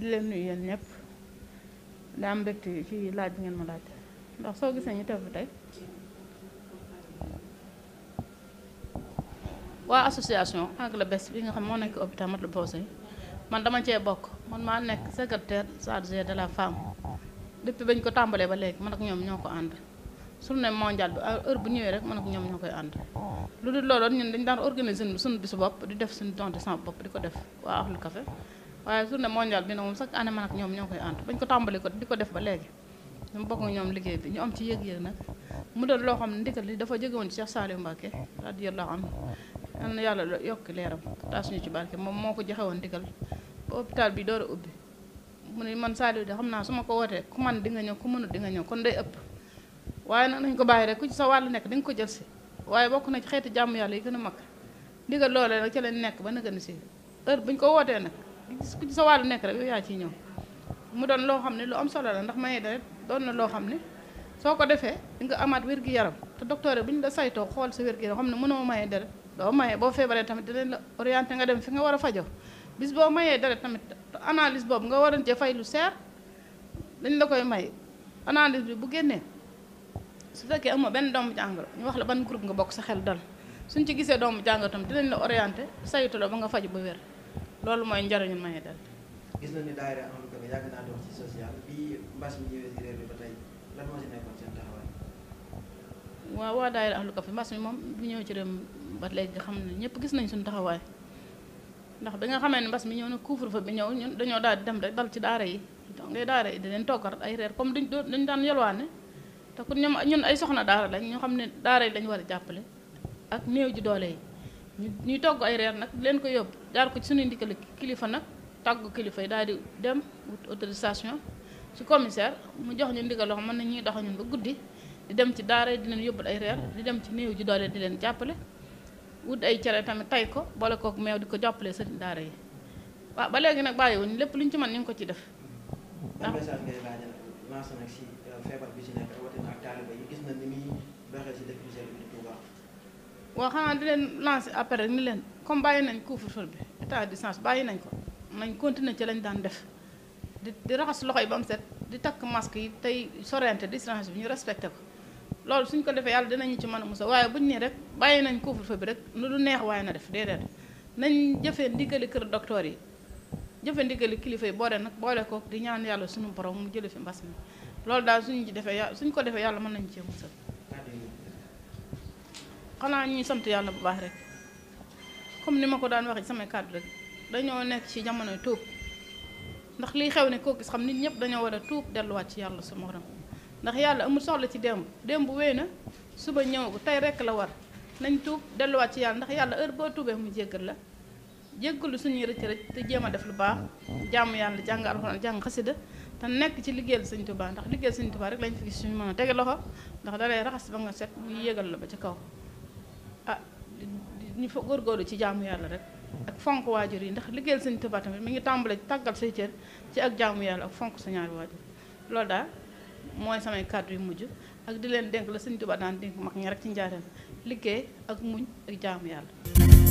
di leen nuyu yéen ñëpp daa am mbégte ci laaj bi ngeen ma laaj ndax soo gisee ñu teew fi tey waa association Angle Bess bi nga xam moo nekk hôpital Matlaboul Fawzeyni man dama cee bokk man maa nekk secretaire chargé de la femme depuis bañ ko tàmbalee ba léegi man ak ñoom ñoo ko ànd journée mondiale bi heure bu ñëwee rek man ak ñoom ñoo koy ànd lu dul looloon ñun dañ daan organiser suñu bisu bopp di def suñu don de sang bopp di ko def waa Ahlu Café waaye journée mondiale bi nag moom chaque année man ak ñoom ñoo koy ànd bañ ko tàmbali ko di ko def ba léegi ñu bokk ak ñoom liggéey bi ñu am ci yëg-yëg nag mu doon loo xam ne ndigal li dafa jóge woon ci Cheikh Saliou Mbacke radiyallahu anhu yal na yàlla yokk leeram taas ñu ci barke moom moo ko joxe woon ndigal ba hôpital bi door ubbi mu ne man Saliou de xam naa su ma ko wootee ku man di nga ñëw ku mënut di nga ñëw kon day ëpp waaye nag nañ ko bàyyi rek ku ci sa wàll nekk di nga ko jël si waaye bokk na ci jàmm yàlla yi gën a mag ndigal loolee nag ca lañ nekk ba nëgën si heure buñ ko wootee nag ku sa wàllu nekk rek yow yaa ciy ñëw mu doon loo xam ne lu am solo la ndax maye deret doon na loo xam ne soo ko defee di nga amaat wér gi yaram te docteur bi ñu la saytoo xool sa wér gi yaram xam ne mënoo maye deret doo maye boo feebaree tamit dinañ la nga dem fi nga war a fajoo bis boo mayee deret tamit analyse boobu nga waroon cee fay lu seer dañ la koy may analyse bi bu génnee su fekkee amoo benn doomu jàngoro ñu wax la ban groupe nga bokk sa xel dal suñ ci gisee doomu jàngoro tamit dinañ la orienté saytu la ba nga faj ba wér loolu mooy njariñu may dal gis nañu ne daayira am lu ko yàgg naa dox ci social bi mbas mi ñëwee ci réew mi ba tey lan moo ci nekkoon seen taxawaay. waaw waa daayira am lu ko fi mbas mi moom bu ñëw ci réew ba léegi xam ne ñëpp gis nañ suñu taxawaay ndax bi nga xamee ne mbas mi ñëw na couvre-feu bi ñëw ñun dañoo daal di dem rek dal ci daara yi donc ngay daara yi di leen toggal ay reer comme duñ dañu daan yalwaane te kon ñoom ñun ay soxna daara lañ ñoo xam ne daara yi lañ war a jàppale ak néew ji doole yi ñuy togg ay reer nag leen ko yóbbu jaar ko ci suñu ndigal kilifa nag tàggu kilifa yi daal di dem autorisation ci commissaire mu jox ñu ndigal loo xam mën na ñuy dox ba guddi di dem ci daara di leen yóbbul ay reer di dem ci néew ji doole di leen jàppale wut ay cere tamit tay ko boole kook meew di ko jàppalee sëriñ daara yi waaw ba léegi nag bàyyi wuñ lépp lu ci mën ñu ko ci def. ndax message waa xanaa di leen lancé après ni leen comme bàyyi nañ couvre-feu bi état de bàyyi nañ ko nañ continuer ci lañ daan def di di raxas loxo yi ba set di takk masque yi tey sorente distance bi ñu respecté ko loolu suñ ko defee yàlla dinañu ci mën a musal waaye buñ ne rek bàyyi nañ couvre-feu bi rek nu lu neex waaye na def déedéet nañ jëfee ndigali kër docteur yi jëfe ndigali kilifa yi boole nag boole ko di ñaan yàlla suñu borom mu jële fi mbas mi loolu daal suñu ci defee yàlla suñ ko defee yàlla mën nañu cee musal xanaa ñuy sant yàlla bu baax rek comme ni ma ko daan waxee samay kàddu rek dañoo nekk ci jamonoy tuub ndax lii xew ne koo gis xam nit ñëpp dañoo war a tuub delluwaat ci yàlla su morom ndax yàlla amul soxla ci démb démb wéy na suba ñëwagu tey rek la war nañ tuub delluwaat ci yàlla ndax yàlla heure boo tuubee mu jéggal la jéggalu suñuy rëcc rëcc te jéem a def lu baax jaamu yàlla jàng alxuraan jàng xasida te nekk ci liggéeyal sëñ Tuubaa ndax liggéeyal sëñ Tuubaa rek lañ fi gis suñu mën a tege loxo ndax da lay raxas ba nga set ñu yégal la ba ci kaw ah ñu fa góorgóorlu ci jaamu yàlla rek ak fonk waajur yi ndax liggéeyal sëñ Tuubaa tamit mi ngi tàmbalee tàggal say cër ci ak jaamu yàlla ak fonk sa ñaari waajur loolu daal mooy samay kàddu yu mujj ak di leen dénk la sëñ Tuubaa daan dénk mag ñi rek ci njaareem liggéey ak muñ ak jaamu yàlla